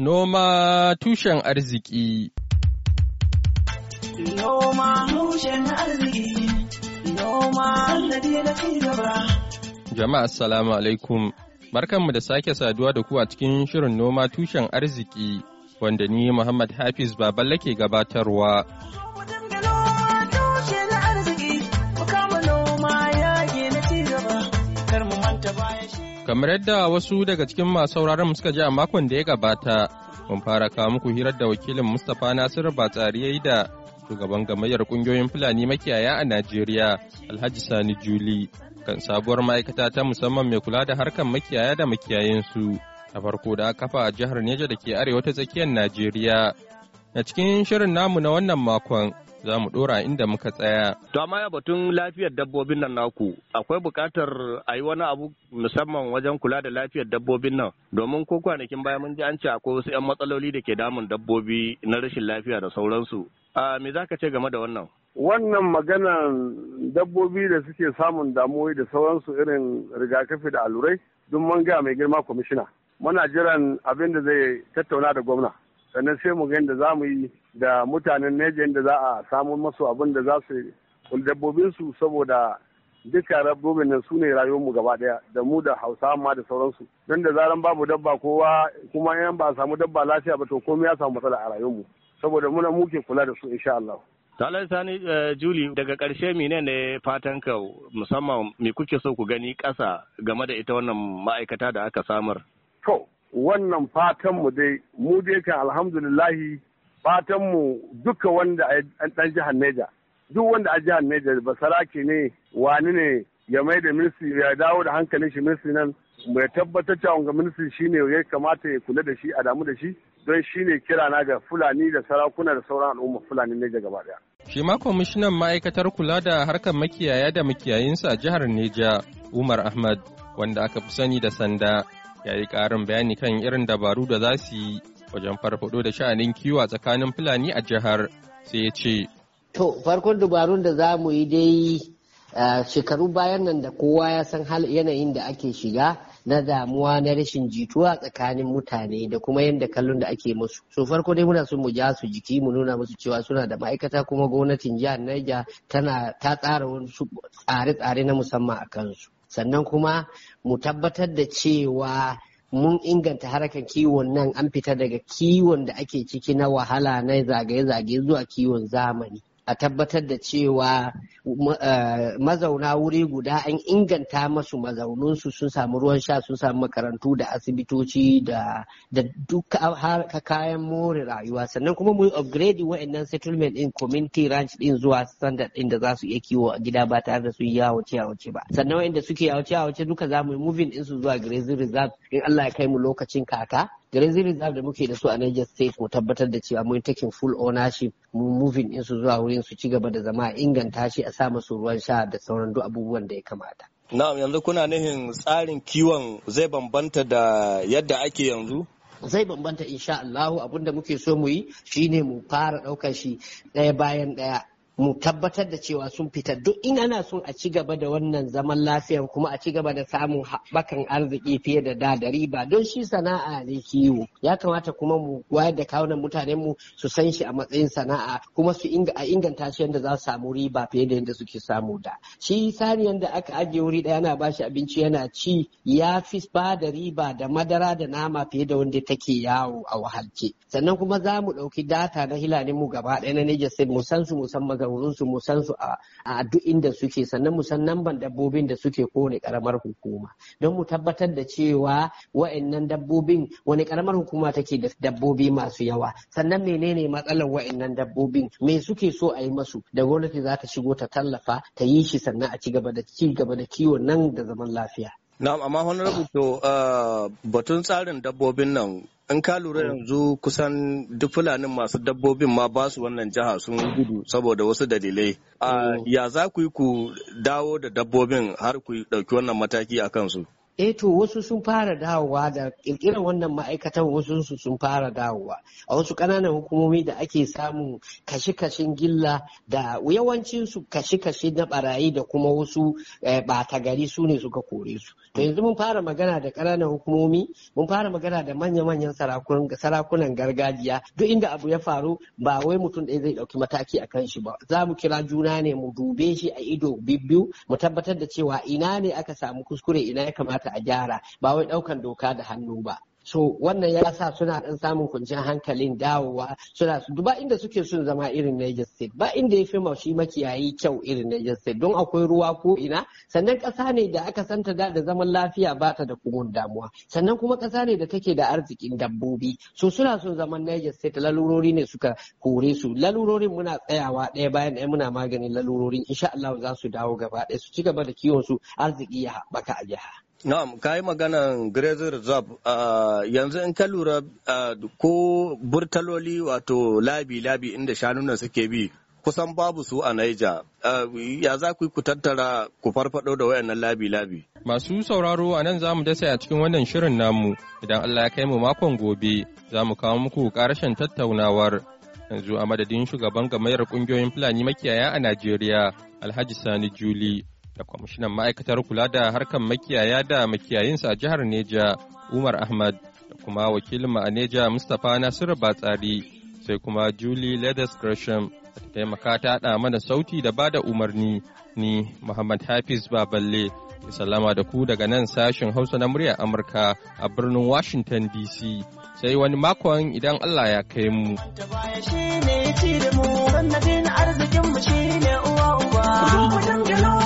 Noma tushen arziki Noma tushen arziki Noma na gaba Jama'a assalamu alaikum Barkanmu da sake saduwa da ku a cikin shirin noma tushen arziki wanda ni Muhammad Hafiz Baballe ke gabatarwa. Kamar yadda wasu daga cikin masu sauraron suka ji a makon da ya gabata, mun fara kawo muku hirar da wakilin Mustapha Nasiru Batsari ya yi da shugaban gamayyar kungiyoyin Fulani makiyaya a Najeriya, Alhaji Sani Juli, kan sabuwar ma'aikata ta musamman mai kula da harkar makiyaya da makiyayansu, a farko da kafa a jihar Neja da ke arewa ta tsakiyar Najeriya. A cikin shirin namu na wannan makon, za mu dora inda muka tsaya. To amma ya batun lafiyar dabbobin nan naku akwai bukatar a yi wani abu musamman wajen kula da lafiyar dabbobin nan domin ko kwanakin baya mun ji an ce akwai wasu 'yan matsaloli da ke damun dabbobi na rashin lafiya da sauransu. me za ka ce game da wannan? Wannan maganar dabbobi da suke samun damuwa da sauransu irin rigakafi da alurai duk mun ga mai girma kwamishina. Muna jiran abin da zai tattauna da gwamna. sannan sai mu ga yadda za mu yi da mutanen neja yadda za a samu masu abin da za su dabbobin dabbobinsu saboda duka dabbobin nan su ne mu gaba daya da mu da hausa ma da sauransu don da zaran babu dabba kowa kuma yan ba a samu dabba lafiya ba to komai ya samu matsala a mu saboda muna muke kula da su insha Allah. Talar Sani eh, Juli daga ƙarshe mine ne fatan ka musamman me kuke so ku gani ƙasa game da ita wannan ma'aikata da aka samar? To, wannan fatanmu dai mu dai kan alhamdulillahi fatanmu duka wanda ɗan jihar Neja duk wanda a jihar Neja ba saraki ne wani ne ya mai da ministry ya dawo da hankalin shi ministry nan mai tabbatar cewa ga shi ne ya kamata ya kula da shi a damu da shi don shine kira na ga Fulani da sarakuna da sauran al'umma Fulani ne gaba daya. Shi ma kwamishinan ma'aikatar kula da harkar makiyaya da makiyayinsa a jihar Neja Umar Ahmad wanda aka fi sani da sanda ya yi karin bayani kan irin dabaru da za su yi wajen farfado da sha'anin kiwo tsakanin fulani a jihar sai ya ce. To farkon dabarun da za mu yi dai shekaru bayan nan da kowa ya san hal yanayin da ake shiga na damuwa na rashin jituwa tsakanin mutane da kuma yadda kallon da ake musu. So farko dai muna son mu ja su jiki mu nuna musu cewa suna da ma'aikata kuma gwamnatin jihar Niger tana ta tsara wasu tsare-tsare na musamman a kansu. sannan kuma mu tabbatar da cewa mun inganta harkar kiwon nan an fita daga kiwon da ake ciki na wahala na zagaye-zagaye zuwa kiwon zamani a tabbatar da cewa eh, mazauna wuri guda an inganta masu mazauninsu sun samu ruwan sha sun samu makarantu da asibitoci da duk kayan more rayuwa sannan kuma mu upgrade wa'annan settlement din community ranch din zuwa standard din da za su iya kiwo a gida ba tare da su yi yawace yawace ba sannan wa'anda suke yawace yawace duka za mu yi moving din su zuwa grazing reserve in Allah ya kai mu lokacin kaka zirin reserve da muke da su a Niger State ko tabbatar da cewa mun taking full ownership mun moving din su zuwa wurin su ci gaba da zama inganta shi a sa musu ruwan sha da sauran duk abubuwan da ya kamata. Na'am yanzu kuna nihin tsarin kiwon zai bambanta da yadda ake yanzu? zai bambanta insha Allahu abinda muke so mu yi shine mu fara ɗaukar shi ɗaya bayan ɗaya mu tabbatar da cewa sun fita duk in ana son a ci gaba da wannan zaman lafiyar kuma a ci gaba da samun haɓakan arziki fiye da da da riba don shi sana'a ne kiwo ya kamata kuma mu wayar da kawunan mutanen mu su san shi a matsayin sana'a kuma su a inganta shi yadda za su samu riba fiye da yadda suke samu da shi sani da aka ajiye wuri daya yana bashi abinci yana ci ya fi ba da riba da madara da nama fiye da wanda take yawo a wahalce sannan kuma za mu ɗauki data na hilalin mu gaba ɗaya na Niger State mu san su mu san takardun su mu san su a duk inda suke sannan mu san namban dabbobin da suke kowane karamar hukuma don mu tabbatar da cewa wa'annan dabbobin wani karamar hukuma take da dabbobi masu yawa sannan menene matsalar wa'annan dabbobin me suke so a yi masu da gwamnati za ta shigo ta tallafa ta yi shi sannan a ci gaba da ci gaba da kiwon nan da zaman lafiya. Na'am amma wani to uh, batun tsarin dabbobin nan in ka lura mm. yanzu kusan duk fulanin masu dabbobin ma ba su wannan jiha sun gudu saboda wasu dalilai ah, mm. ya za ku yi ku dawo da dabbobin har ku ɗauki wannan mataki a kansu Eto eh wasu sun fara dawowa da kirkirar wannan ma'aikatan wasu sun fara dawowa a wasu ƙananan hukumomi da ake samun kashe-kashen gilla da yawancin su kashe-kashe na barayi da kuma wasu eh, ɓata gari su ne suka kore su to yanzu mun fara magana da ƙananan hukumomi mun fara magana da manya-manyan sarakunan gargajiya duk inda abu ya faru ba wai mutum ɗaya zai ɗauki mataki a kan shi ba za mu kira juna ne mu dube shi a ido bibbiyu mu tabbatar da cewa ina ne aka samu kuskure ina ya kamata a gyara ba wai ɗaukan doka da hannu ba so wannan ya sa suna ɗan samun kwanciyar hankalin dawowa suna ba inda suke sun zama irin Niger State ba inda ya fi shi makiyayi kyau irin Niger State don akwai ruwa ko ina sannan ƙasa ne da aka santa da da zaman lafiya ba ta da kugun damuwa sannan kuma ƙasa ne da take da arzikin dabbobi so suna sun zaman Niger State lalurori ne suka kore su lalurorin muna tsayawa ɗaya bayan ɗaya muna maganin lalurorin insha Allah za su dawo gaba ɗaya su ci gaba da kiwon su arziki ya haɓaka a jiha. Na'am, ka yi maganan Grazer Reserve yanzu in ka lura ko burtaloli wato labi-labi inda shanunan suke bi kusan babu su a Naija. Ya za ku ku tattara ku farfado da wayannan labi-labi. Masu sauraro a nan za mu dasa a cikin wannan shirin namu idan Allah ya kai mu makon gobe za mu kawo muku karashen tattaunawar. Yanzu a madadin shugaban gamayar kungiyoyin Fulani makiyaya a Najeriya Alhaji Sani Juli da kwamishinan ma'aikatar kula da harkar makiyaya da makiyayinsa a jihar Neja Umar Ahmad da kuma wakilin a Neja Mustapha Nasiru Batsari sai kuma Julie Leathers Gresham da taimaka ta haɗa mana sauti da bada umarni ni Muhammad Hafiz Baballe ke salama da ku daga nan sashen Hausa na muryar Amurka a birnin Washington DC sai wani makon idan Allah ya kai mu. arzikin mu